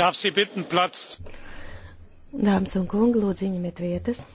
Dāmas un kungi, lūdzu, ņemiet vietas.